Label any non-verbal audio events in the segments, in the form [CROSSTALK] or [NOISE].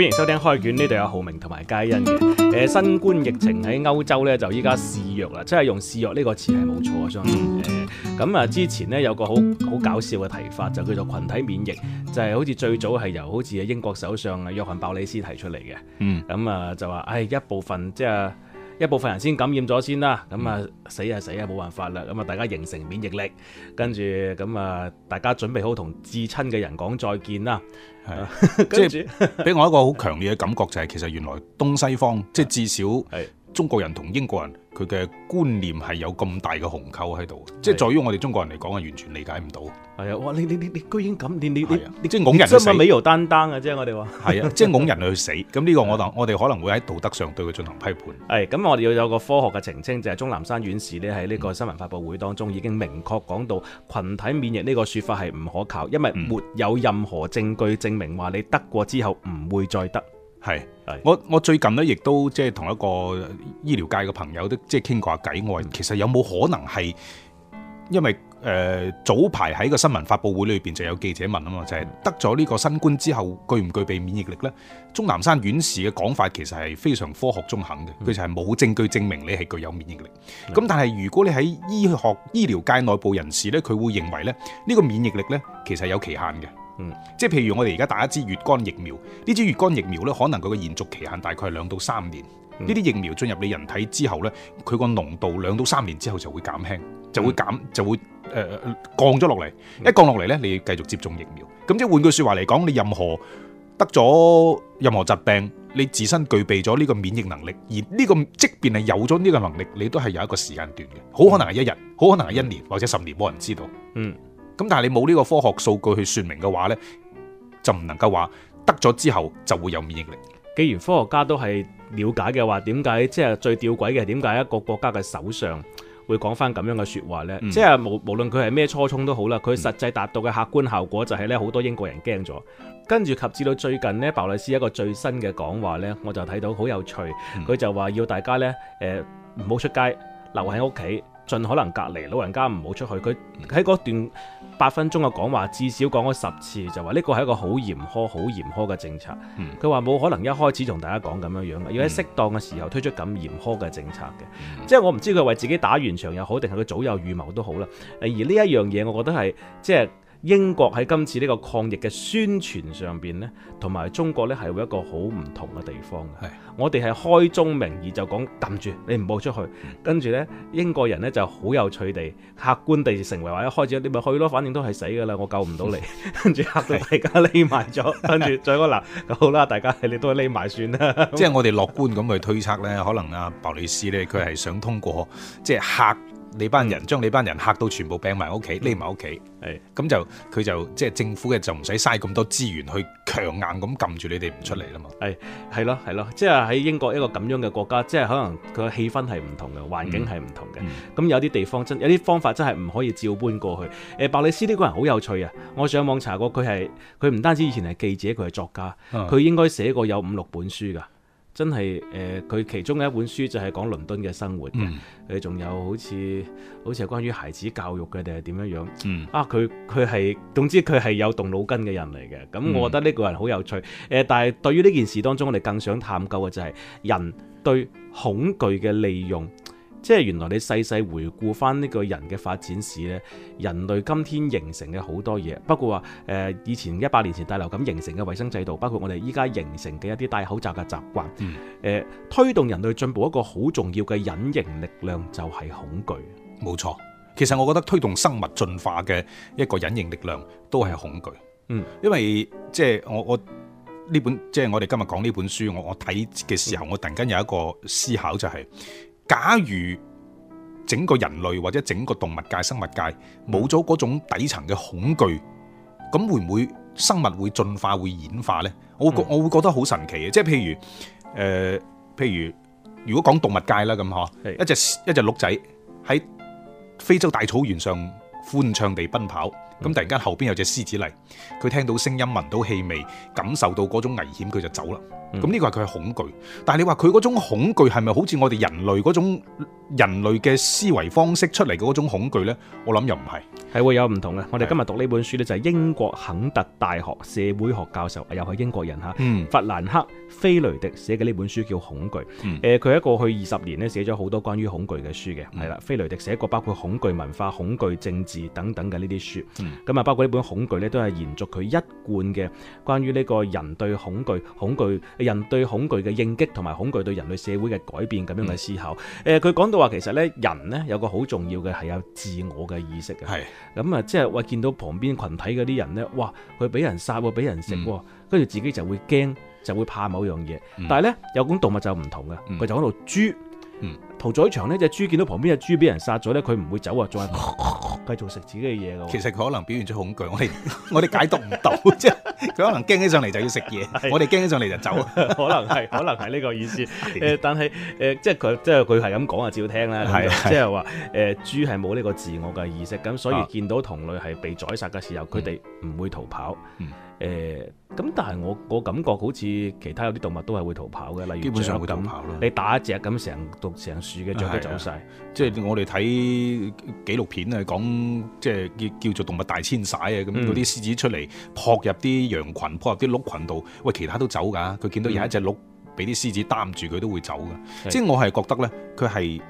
歡迎收聽開卷，呢度有浩明同埋佳欣嘅。誒，新冠疫情喺歐洲咧，就依家肆虐啦，即係用肆虐呢個詞係冇錯啊，相信。咁啊，之前咧有個好好搞笑嘅提法，就叫做群體免疫，就係好似最早係由好似啊英國首相啊約翰鮑里斯提出嚟嘅。嗯。咁啊，就話，誒，一部分即係。一部分人先感染咗先啦，咁啊、嗯、死啊死啊冇辦法啦，咁啊大家形成免疫力，跟住咁啊大家準備好同至親嘅人講再見啦。係，即係俾我一個好強烈嘅感覺、就係，就係其實原來東西方的即係至少係。中國人同英國人佢嘅觀念係有咁大嘅鴻溝喺度，的即係在於我哋中國人嚟講啊，完全理解唔到。係啊，我你你你你居然咁，你你你即係拱人死，咪屌油擔擔啊！即係我哋話係啊，即係拱人去死。咁呢個我我哋可能會喺道德上對佢進行批判。係咁，我哋要有個科學嘅澄清，就係、是、鍾南山院士呢喺呢個新聞發佈會當中已經明確講到，群體免疫呢個說法係唔可靠，因為沒有任何證據證明話你得過之後唔會再得。係，我是我最近咧亦都即係同一個醫療界嘅朋友都即係傾過下偈，外。其實有冇可能係因為誒、呃、早排喺個新聞發佈會裏邊就有記者問啊嘛，就係、是、得咗呢個新冠之後具唔具備免疫力咧？鍾南山院士嘅講法其實係非常科學中肯嘅，佢、嗯、就係冇證據證明你係具有免疫力。咁、嗯、但係如果你喺醫學醫療界內部人士咧，佢會認為咧呢、這個免疫力咧其實有期限嘅。嗯，即係譬如我哋而家打一支乙肝疫苗，呢支乙肝疫苗咧，可能佢嘅延續期限大概係兩到三年。呢啲、嗯、疫苗進入你人體之後咧，佢個濃度兩到三年之後就會減輕，就會減、嗯、就會誒、呃、降咗落嚟。一降落嚟咧，你要繼續接種疫苗。咁即係換句話說話嚟講，你任何得咗任何疾病，你自身具備咗呢個免疫能力，而呢個即便係有咗呢個能力，你都係有一個時間段嘅，好可能係一日，好可能係一年、嗯、或者，一年或者十年，冇人知道。嗯。咁但係你冇呢個科學數據去說明嘅話呢，就唔能夠話得咗之後就會有免疫力。既然科學家都係了解嘅話，點解即係最吊詭嘅？點解一個國家嘅首相會講翻咁樣嘅說話呢？即係、嗯、無無論佢係咩初衷都好啦，佢實際達到嘅客觀效果就係呢：好多英國人驚咗，跟住及至到最近呢，鮑里斯一個最新嘅講話呢，我就睇到好有趣。佢、嗯、就話要大家呢，誒唔好出街，留喺屋企。盡可能隔離老人家，唔好出去。佢喺嗰段八分鐘嘅講話，至少講咗十次，就話呢個係一個好嚴苛、好嚴苛嘅政策。佢話冇可能一開始同大家講咁樣樣，要喺適當嘅時候推出咁嚴苛嘅政策嘅。嗯、即係我唔知佢為自己打完場又好，定係佢早有預謀都好啦。而呢一樣嘢，我覺得係即係。英國喺今次呢個抗疫嘅宣傳上邊咧，同埋中國咧係會一個好唔同嘅地方嘅。是的 我哋係開宗明義就講冚住，你唔好出去。跟住咧，英國人咧就好有趣地、客觀地成為話一開始你咪去咯，反正都係死噶啦，我救唔到你。跟住嚇到大家匿埋咗，跟住 [LAUGHS] 再講嗱，好啦，大家你都匿埋算啦。即 [LAUGHS] 係我哋樂觀咁去推測咧，可能阿鮑里斯咧佢係想通過即係嚇。就是你班人將你班人嚇到全部掟埋屋企，匿埋屋企，係咁、嗯、就佢就即係政府嘅就唔使嘥咁多資源去強硬咁撳住你哋唔出嚟啦嘛。係係咯係咯，即係喺英國一個咁樣嘅國家，即、就、係、係、可能佢嘅氣氛係唔同嘅，環境係唔同嘅。咁、嗯嗯、有啲地方真有啲方法真係唔可以照搬過去。誒，白禮斯呢個人好有趣啊！我上網查過，佢係佢唔單止以前係記者，佢係作家，佢應該寫過有五六本書㗎。真係誒，佢、呃、其中嘅一本書就係講倫敦嘅生活嘅，佢仲、嗯、有好似好似係關於孩子教育嘅定係點樣樣，嗯、啊，佢佢係總之佢係有動腦筋嘅人嚟嘅，咁我覺得呢個人好有趣，誒、嗯呃，但係對於呢件事當中，我哋更想探究嘅就係人對恐懼嘅利用。即係原來你細細回顧翻呢個人嘅發展史咧，人類今天形成嘅好多嘢，包括話誒、呃，以前一百年前大流感形成嘅衛生制度，包括我哋依家形成嘅一啲戴口罩嘅習慣，誒、嗯呃，推動人類進步一個好重要嘅隱形力量就係恐懼，冇錯。其實我覺得推動生物進化嘅一個隱形力量都係恐懼，嗯，因為即係、就是、我我呢本即係、就是、我哋今日講呢本書，我我睇嘅時候，我突然間有一個思考就係、是。假如整個人類或者整個動物界、生物界冇咗嗰種底層嘅恐懼，咁會唔會生物會進化、會演化呢？我覺我會覺得好神奇嘅，即係譬如誒、呃，譬如如果講動物界啦，咁嗬，一隻一隻鹿仔喺非洲大草原上歡暢地奔跑。咁、嗯、突然間後邊有隻獅子嚟，佢聽到聲音、聞到氣味、感受到嗰種危險，佢就走啦。咁呢個係佢恐懼，但係你話佢嗰種恐懼係咪好似我哋人類嗰種人類嘅思維方式出嚟嘅嗰種恐懼呢？我諗又唔係，係會有唔同嘅。是我哋今日讀呢本書呢，就係、是、英國肯特大學社會學教授，又係英國人嚇，嗯、弗蘭克菲雷迪寫嘅呢本書叫《恐懼》。誒、嗯，佢喺、呃、過去二十年呢寫咗好多關於恐懼嘅書嘅，係啦、嗯。菲雷迪寫過包括《恐懼文化》《恐懼政治》等等嘅呢啲書。嗯咁啊，包括呢本《恐懼》咧，都係延續佢一貫嘅關於呢個人對恐懼、恐懼人對恐懼嘅應激，同埋恐懼對人類社會嘅改變咁樣嘅思考。誒、嗯，佢講、呃、到話其實咧，人咧有個好重要嘅係有自我嘅意識嘅。係是。咁啊、嗯，即係我見到旁邊群體嗰啲人咧，哇，佢俾人殺喎，俾人食喎，跟住、嗯、自己就會驚，就會怕某樣嘢。嗯、但係咧，有種動物就唔同嘅，佢、嗯、就喺度豬。嗯，屠宰場呢隻豬見到旁邊隻豬俾人殺咗咧，佢唔會走啊，再繼續食自己嘅嘢咯。其實佢可能表現咗恐懼，我哋我哋解讀唔到，即係佢可能驚起上嚟就要食嘢，我哋驚起上嚟就走，可能係可能係呢個意思。誒，但係誒，即係佢即係佢係咁講啊，照聽啦。係即係話誒，豬係冇呢個自我嘅意識，咁所以見到同類係被宰殺嘅時候，佢哋唔會逃跑。誒咁、欸，但係我我感覺好似其他有啲動物都係會逃跑嘅，例如基本上會逃跑嘅雀咁，你打一隻咁成棟成樹嘅雀都走晒。即係我哋睇紀錄片啊，講即係叫叫做動物大遷徙啊，咁嗰啲獅子出嚟、嗯、撲入啲羊群、撲入啲鹿群度，喂，其他都走㗎。佢見到有一隻鹿俾啲、嗯、獅子擔住，佢都會走㗎。即係的我係覺得咧，佢係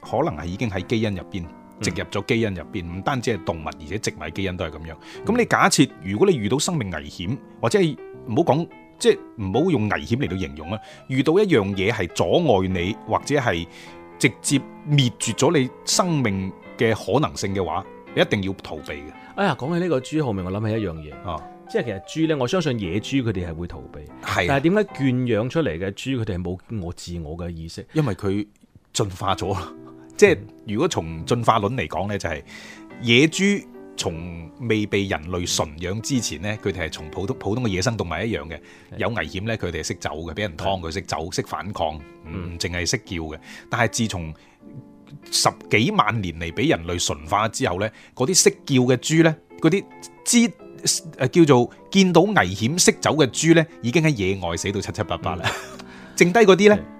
可能係已經喺基因入邊。植入咗基因入邊，唔單止係動物，而且植物基因都係咁樣。咁你假設如果你遇到生命危險，或者係唔好講，即係唔好用危險嚟到形容啦。遇到一樣嘢係阻礙你，或者係直接滅絕咗你生命嘅可能性嘅話，你一定要逃避嘅。哎呀，講起呢個豬後面，我諗起一樣嘢，啊、即係其實豬呢，我相信野豬佢哋係會逃避，啊、但係點解圈養出嚟嘅豬佢哋係冇我自我嘅意識？因為佢進化咗。即係如果從進化論嚟講咧，就係、是、野豬從未被人類馴養之前咧，佢哋係從普通普通嘅野生動物一樣嘅，有危險咧，佢哋係識走嘅，俾人劏佢識走，識反抗，唔淨係識叫嘅。但係自從十幾萬年嚟俾人類馴化之後咧，嗰啲識叫嘅豬咧，嗰啲知誒叫做見到危險識走嘅豬咧，已經喺野外死到七七八八啦，嗯、 [LAUGHS] 剩低嗰啲咧。嗯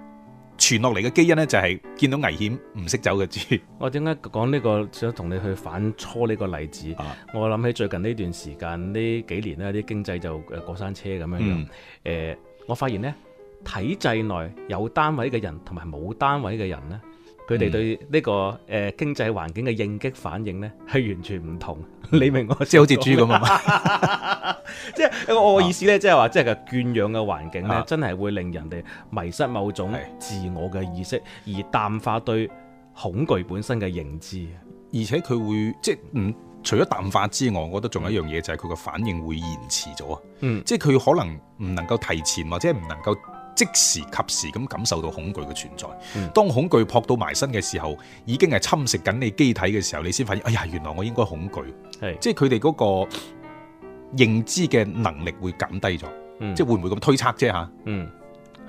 傳落嚟嘅基因呢，就係見到危險唔識走嘅豬。 [LAUGHS] 我點解講呢個想同你去反芻呢個例子？啊、我諗起最近呢段時間呢幾年呢啲經濟就過山車咁樣樣、嗯呃。我發現呢體制內有單位嘅人同埋冇單位嘅人呢。佢哋對呢個誒經濟環境嘅應激反應咧，係完全唔同。你明我，我 [LAUGHS] [LAUGHS] 即係好似豬咁啊！即係我嘅意思咧，啊、即係話，即係個圈養嘅環境咧，真係會令人哋迷失某種自我嘅意識，啊、而淡化對恐懼本身嘅認知啊！而且佢會即係唔除咗淡化之外，我覺得仲有一樣嘢就係佢嘅反應會延遲咗啊！嗯，即係佢可能唔能夠提前或者唔能夠。即時及時咁感受到恐懼嘅存在，嗯、當恐懼撲到埋身嘅時候，已經係侵蝕緊你機體嘅時候，你先發現，哎呀，原來我應該恐懼，係是即係佢哋嗰個認知嘅能力會減低咗，嗯、即係會唔會咁推測啫吓？嗯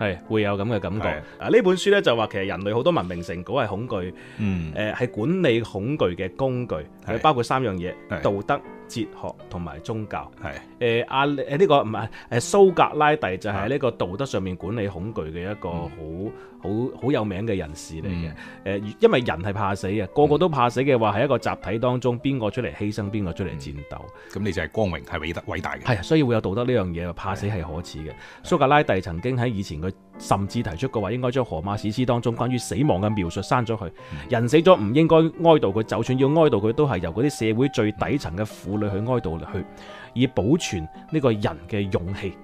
係，會有咁嘅感覺。嗱的，呢、啊、本書咧就話其實人類好多文明成果係恐懼，誒係、嗯呃、管理恐懼嘅工具，係的包括三樣嘢：的道德、哲學同埋宗教。係的，誒阿誒呢個唔係誒蘇格拉底就係呢個道德上面管理恐懼嘅一個好。嗯嗯好好有名嘅人士嚟嘅，誒、嗯，因為人係怕死嘅，個個都怕死嘅話，喺一個集體當中，邊個出嚟犧牲，邊個出嚟戰鬥？咁、嗯、你就係光榮，係偉大偉大嘅。係啊，所以會有道德呢樣嘢，怕死係可恥嘅。蘇格拉底曾經喺以前佢甚至提出過嘅話，應該將《荷馬史詩》當中關於死亡嘅描述刪咗佢。嗯、人死咗唔應該哀悼佢，就算要哀悼佢，都係由嗰啲社會最底層嘅婦女去哀悼去，以保存呢個人嘅勇氣。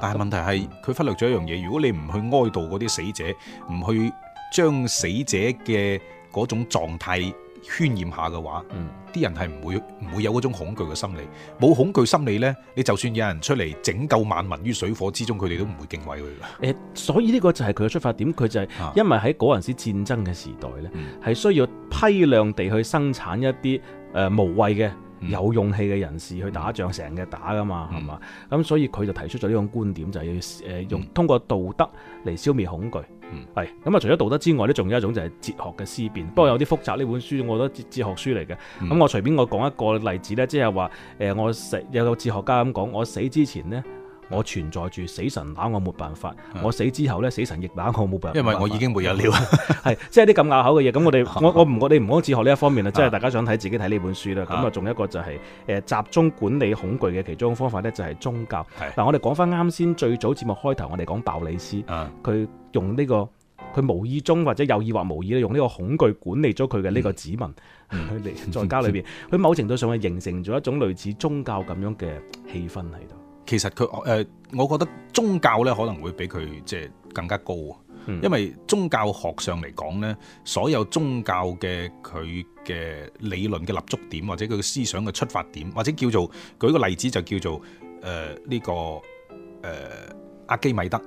但係問題係，佢忽略咗一樣嘢。如果你唔去哀悼嗰啲死者，唔去將死者嘅嗰種狀態渲染下嘅話，啲、嗯、人係唔會唔會有嗰種恐懼嘅心理。冇恐懼心理呢，你就算有人出嚟拯救萬民於水火之中，佢哋都唔會敬畏佢嘅。誒、欸，所以呢個就係佢嘅出發點。佢就係因為喺嗰陣時戰爭嘅時代呢係、嗯、需要批量地去生產一啲誒、呃、無畏嘅。有勇氣嘅人士去打仗，成日、嗯、打㗎嘛，係嘛、嗯？咁所以佢就提出咗呢種觀點，就係、是、要誒用、呃、通過道德嚟消滅恐懼。係咁啊！除咗道德之外，咧仲有一種就係哲學嘅思辨。嗯、不過有啲複雜，呢本書我覺得哲哲學書嚟嘅。咁、嗯、我隨便我講一個例子咧，即係話誒，我死有個哲學家咁講，我死之前咧。我存在住，死神打我冇辦法，我死之後咧，死神亦打我冇辦法，因為我已經沒有了。係，即係啲咁拗口嘅嘢。咁我哋，我我唔，我哋唔好自學呢一方面啦。即係大家想睇自己睇呢本書啦。咁啊，仲有一個就係誒集中管理恐懼嘅其中方法咧，就係宗教。嗱，我哋講翻啱先最早節目開頭，我哋講鮑里斯，佢用呢個佢無意中或者有意或無意咧，用呢個恐懼管理咗佢嘅呢個子民。嗯，在家裏邊，佢某程度上係形成咗一種類似宗教咁樣嘅氣氛喺度。其實佢誒，我覺得宗教咧可能會比佢即係更加高、嗯、因為宗教學上嚟講咧，所有宗教嘅佢嘅理論嘅立足點，或者佢嘅思想嘅出發點，或者叫做舉個例子就叫做誒呢、呃這個誒阿、呃、基米德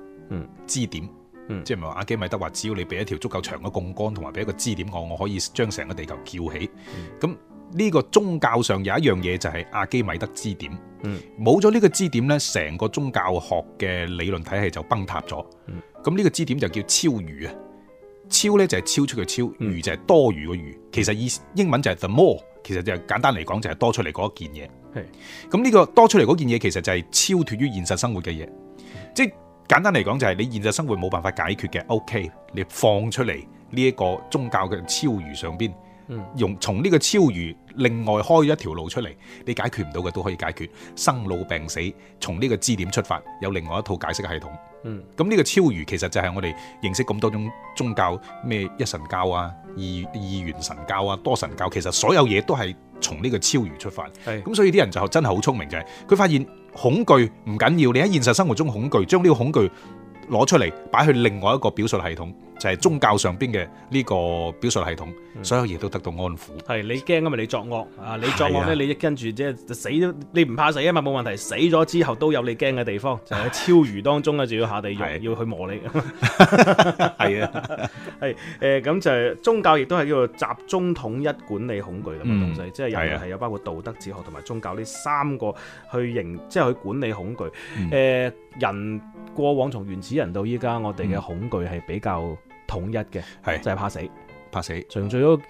支點，嗯、即係咪話阿基米德話只要你俾一條足夠長嘅槓桿，同埋俾一個支點我，我可以將成個地球撬起咁。嗯。呢個宗教上有一樣嘢就係阿基米德支點，冇咗呢個支點咧，成個宗教學嘅理論體系就崩塌咗。咁呢、嗯、個支點就叫超餘啊。超咧就係超出嘅超，餘、嗯、就係多餘嘅餘。其實意英文就係 the more，其實就簡單嚟講就係多出嚟嗰一件嘢。咁呢是個多出嚟嗰件嘢其實就係超脫於現實生活嘅嘢。嗯、即係簡單嚟講就係你現實生活冇辦法解決嘅，OK，你放出嚟呢一個宗教嘅超餘上邊。用從呢個超儒另外開一條路出嚟，你解決唔到嘅都可以解決。生老病死，從呢個支點出發，有另外一套解釋嘅系統。嗯，咁呢個超儒其實就係我哋認識咁多種宗教咩一神教啊、二二元神教啊、多神教，其實所有嘢都係從呢個超儒出發。係，咁所以啲人就真係好聰明，就係佢發現恐懼唔緊要，你喺現實生活中恐懼，將呢個恐懼攞出嚟擺去另外一個表述系統。就係宗教上邊嘅呢個表述系統，所有嘢都得到安撫。係你驚啊嘛？你作惡啊？你作惡咧，你跟住即係死都你唔怕死啊嘛？冇問題。死咗之後都有你驚嘅地方，就喺超餘當中咧，就要下地獄，要去磨你。係啊，係誒，咁就係宗教亦都係叫做集中統一管理恐懼咁嘅東西，即係人類係有包括道德哲學同埋宗教呢三個去形，即係去管理恐懼。誒，人過往從原始人到依家，我哋嘅恐懼係比較。統一嘅係，是就係怕死，怕死。從最嗰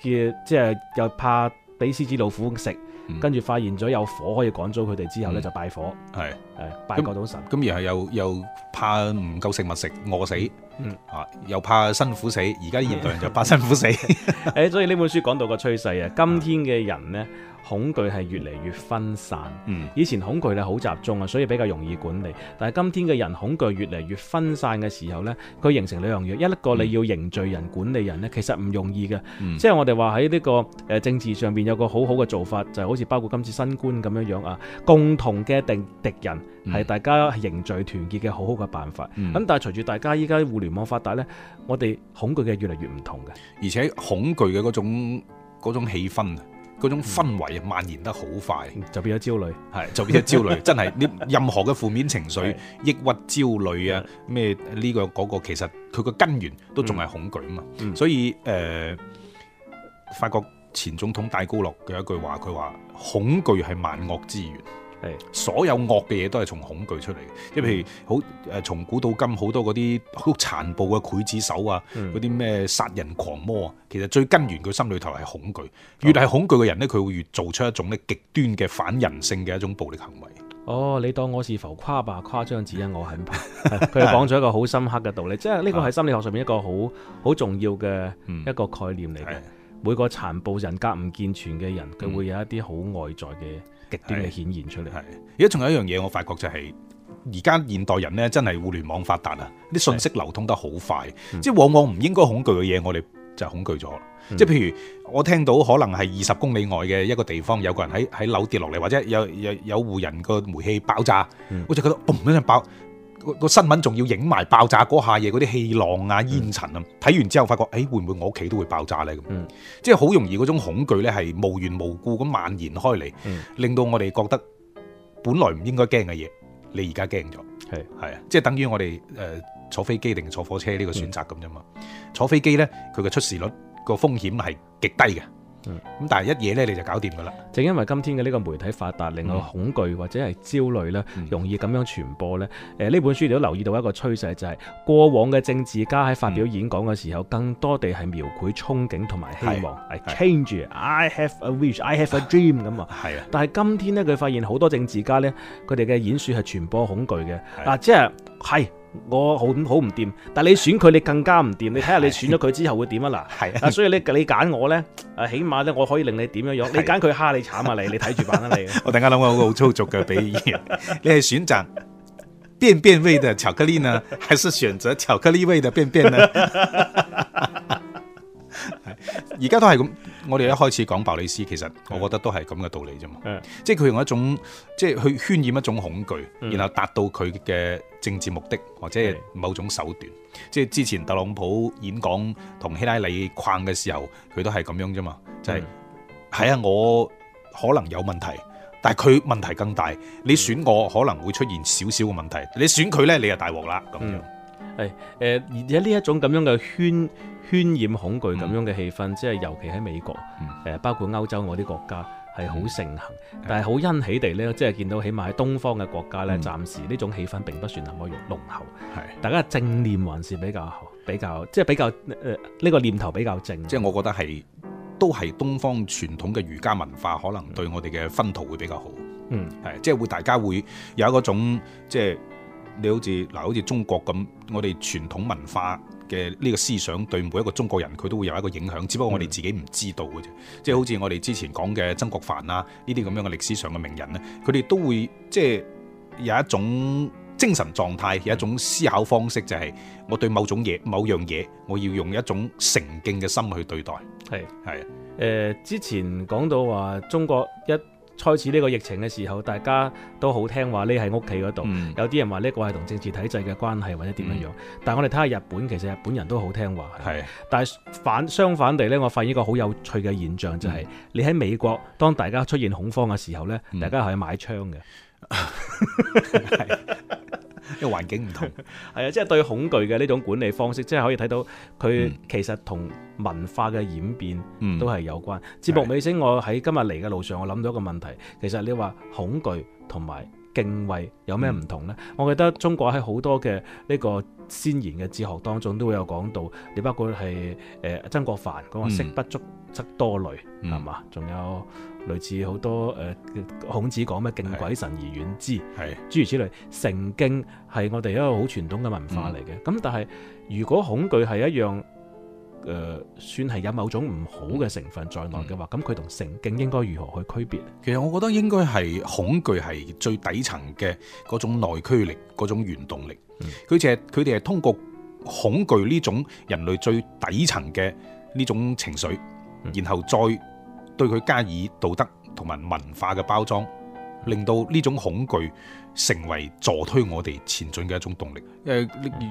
即係又怕俾獅子老虎食，跟住、嗯、發現咗有火可以趕走佢哋之後咧，就拜火，係、嗯，拜嗰種神。咁、嗯嗯嗯、然後又又怕唔夠食物食，餓死。嗯、啊、又怕辛苦死，而家現代人就怕辛苦死。誒、 [LAUGHS] 欸，所以呢本書講到個趨勢啊，今天嘅人呢，恐懼係越嚟越分散。嗯，以前恐懼咧好集中啊，所以比較容易管理。但係今天嘅人恐懼越嚟越分散嘅時候呢，佢形成兩樣嘢，一個你要凝聚人、嗯、管理人呢，其實唔容易嘅。嗯、即係我哋話喺呢個誒政治上邊有個好好嘅做法，就是、好似包括今次新冠咁樣樣啊，共同嘅敵敵人係大家凝聚團結嘅好好嘅辦法。咁、嗯、但係隨住大家依家聯網發達呢，我哋恐懼嘅越嚟越唔同嘅，而且恐懼嘅嗰種嗰種氣氛啊，嗰種氛圍啊蔓延得好快，嗯，就變咗焦慮，係就變咗焦慮， [LAUGHS] 真係你任何嘅負面情緒、的抑鬱、焦慮啊咩呢個嗰、嗰個，其實佢個根源都仲係恐懼啊嘛，嗯、所以誒，法、呃、國前總統戴高樂嘅一句話，佢話恐懼係萬惡之源。所有惡嘅嘢都係從恐懼出嚟嘅，即譬如好誒，從古到今好多嗰啲好殘暴嘅劊子手啊，嗰啲咩殺人狂魔啊，其實最根源佢心裏頭係恐懼，越係恐懼嘅人呢，佢會越做出一種咧極端嘅反人性嘅一種暴力行為。哦，你當我是浮誇吧，誇張只因我很怕。佢講咗一個好深刻嘅道理，即係呢個係心理學上面一個好好重要嘅一個概念嚟嘅。每個殘暴人格唔健全嘅人，佢會有一啲好外在嘅。極端嘅顯現出嚟，係。而家仲有一樣嘢，我發覺就係而家現代人呢，真係互聯網發達啊！啲信息流通得好快，的即係往往唔應該恐懼嘅嘢，我哋就恐懼咗。的即係譬如我聽到可能係二十公里外嘅一個地方有個人喺喺樓下跌落嚟，或者有有有戶人個煤氣爆炸，的我就覺得嘣一陣爆。個新聞仲要影埋爆炸嗰下嘢，嗰啲氣浪啊、煙塵啊，睇、嗯、完之後發覺，誒、欸、會唔會我屋企都會爆炸呢？嗯、咁，即係好容易嗰種恐懼呢係無緣無故咁蔓延開嚟，嗯、令到我哋覺得本來唔應該驚嘅嘢，你而家驚咗，係係啊，即係、就是、等於我哋誒、呃、坐飛機定坐火車呢個選擇咁啫嘛。嗯、坐飛機呢，佢嘅出事率個風險係極低嘅。嗯，咁但係一嘢咧，你就搞掂噶啦。正因為今天嘅呢個媒體發達，令到恐懼或者係焦慮咧，容易咁樣傳播咧。誒、嗯，呢、呃、本書亦都留意到一個趨勢、就是，就係過往嘅政治家喺發表演講嘅時候，嗯、更多地係描繪憧憬同埋希望。係是 change，I have a wish，I have a dream 咁啊。係啊的。但係今天咧，佢發現好多政治家咧，佢哋嘅演說係傳播恐懼嘅嗱，即係係。啊就是我好好唔掂，但係你選佢，你更加唔掂。你睇下你選咗佢之後會點啊嗱，啊 [LAUGHS] [LAUGHS] 所以你你揀我咧，啊起碼咧我可以令你點樣樣。 [LAUGHS] 你揀佢蝦你慘你你啊你，你睇住辦啦你。我突然間諗到個好粗俗嘅比喻， [LAUGHS] 你係選擇便便味嘅巧克力呢，還是選擇巧克力味的便便呢？而 [LAUGHS] 家都係咁。我哋一開始講鮑里斯，其實我覺得都係咁嘅道理啫嘛。的即係佢用一種即係去渲染一種恐懼，嗯、然後達到佢嘅政治目的或者某種手段。的即係之前特朗普演講同希拉里框嘅時候，佢都係咁樣啫嘛。就係係啊，我可能有問題，但係佢問題更大。你選我可能會出現少少嘅問題，你選佢呢，你就大鑊啦咁樣。嗯係，誒而有呢一種咁樣嘅渲渲染恐懼咁樣嘅氣氛，即係、嗯、尤其喺美國，誒包括歐洲嗰啲國家係好盛行，嗯、但係好欣喜地咧，即係見到起碼喺東方嘅國家咧，暫時呢種氣氛並不算那麼濃厚。係、嗯，大家正念還是比較比較，即係比較誒呢、呃這個念頭比較正。即係我覺得係都係東方傳統嘅儒家文化，可能對我哋嘅薰陶會比較好。嗯，係，即係會大家會有一種即係。你好似嗱，好似中國咁，我哋傳統文化嘅呢個思想對每一個中國人佢都會有一個影響，只不過我哋自己唔知道嘅啫。嗯、即係好似我哋之前講嘅曾國藩啊，呢啲咁樣嘅歷史上嘅名人咧，佢哋都會，即係有一種精神狀態，有一種思考方式，就是，就係我對某種嘢，某樣嘢，我要用一種誠敬嘅心去對待。係的，係啊的，誒、呃、之前講到話中國一。開始呢個疫情嘅時候，大家都好聽話匿喺屋企嗰度。嗯、有啲人話呢個係同政治體制嘅關係，或者點樣樣。嗯、但係我哋睇下日本，其實日本人都好聽話。係是，但係反相反地呢，我發現一個好有趣嘅現象、就係，就係、嗯、你喺美國，當大家出現恐慌嘅時候呢、嗯、大家係買槍嘅。因為環境唔同，係啊， [LAUGHS] 即、就、係、是、對恐懼嘅呢種管理方式，即、就、係、是、可以睇到佢其實同文化嘅演變都係有關。節目、嗯、尾聲，我喺今日嚟嘅路上，我諗到一個問題。其實你話恐懼同埋敬畏有咩唔同呢？嗯、我記得中國喺好多嘅呢個先賢嘅哲學當中都會有講到，你包括係誒、呃、曾國藩講話識不足則多慮，係嘛？仲、嗯、有。類似好多誒、呃，孔子講嘅「敬鬼神而遠之」，係的諸如此類。成經係我哋一個好傳統嘅文化嚟嘅。咁、嗯、但係，如果恐懼係一樣誒、呃，算係有某種唔好嘅成分在內嘅話，咁佢同成經應該如何去區別？其實我覺得應該係恐懼係最底層嘅嗰種內驅力，嗰種原動力。佢隻佢哋係通過恐懼呢種人類最底層嘅呢種情緒，然後再。嗯對佢加以道德同埋文化嘅包裝，令到呢種恐懼成為助推我哋前進嘅一種動力。誒、呃，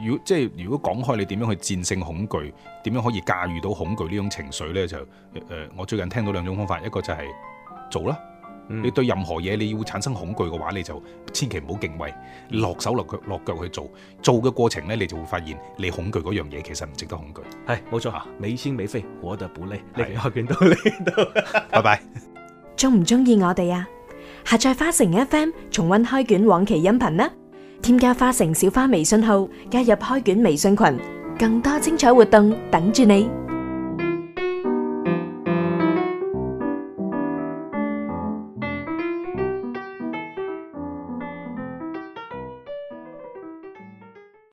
如即係如果講開，你點樣去戰勝恐懼？點樣可以駕馭到恐懼呢種情緒呢？就誒、呃，我最近聽到兩種方法，一個就係做啦。你對任何嘢你要產生恐懼嘅話，你就千祈唔好敬畏，落手落腳落腳去做，做嘅過程咧，你就會發現你恐懼嗰樣嘢其實唔值得恐懼。係，冇錯啊，美仙美飛，我是你得保利，嚟開卷到呢度，拜拜。鍾唔鍾意我哋啊？下載花城 FM 重温開卷往期音頻啦，添加花城小花微信號，加入開卷微信群，更多精彩活動等住你。